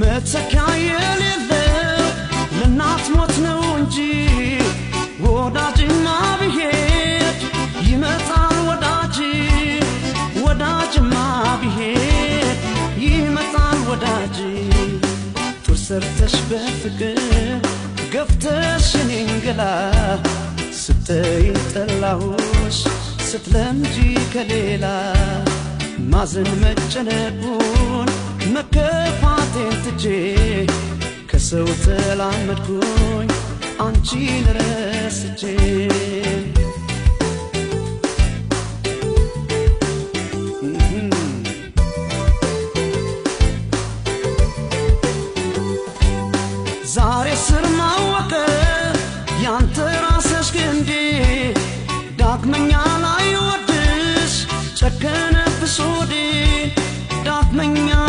መተካ የሌለው ሞት ነው እንጂ ወዳጅማ ብሄድ ይመጣል ወዳጅ ወዳጅማ ብሄድ ይመጣል ወዳጅ ጡር ሰርተሽ በፍቅር ገፍተሽ እኔን ገላ ጠላሁሽ ስትለምጂ ከሌላ ማዘን መጨነቁን መከፋ ሰው ተላመድኩኝ አንቺን ረስቼ ዛሬ ስር ማወቀ ያንተ ራስሽ ግንዴ ዳክመኛ ላይ ወድሽ ጨከነብሽ ወዴ ዳግመኛ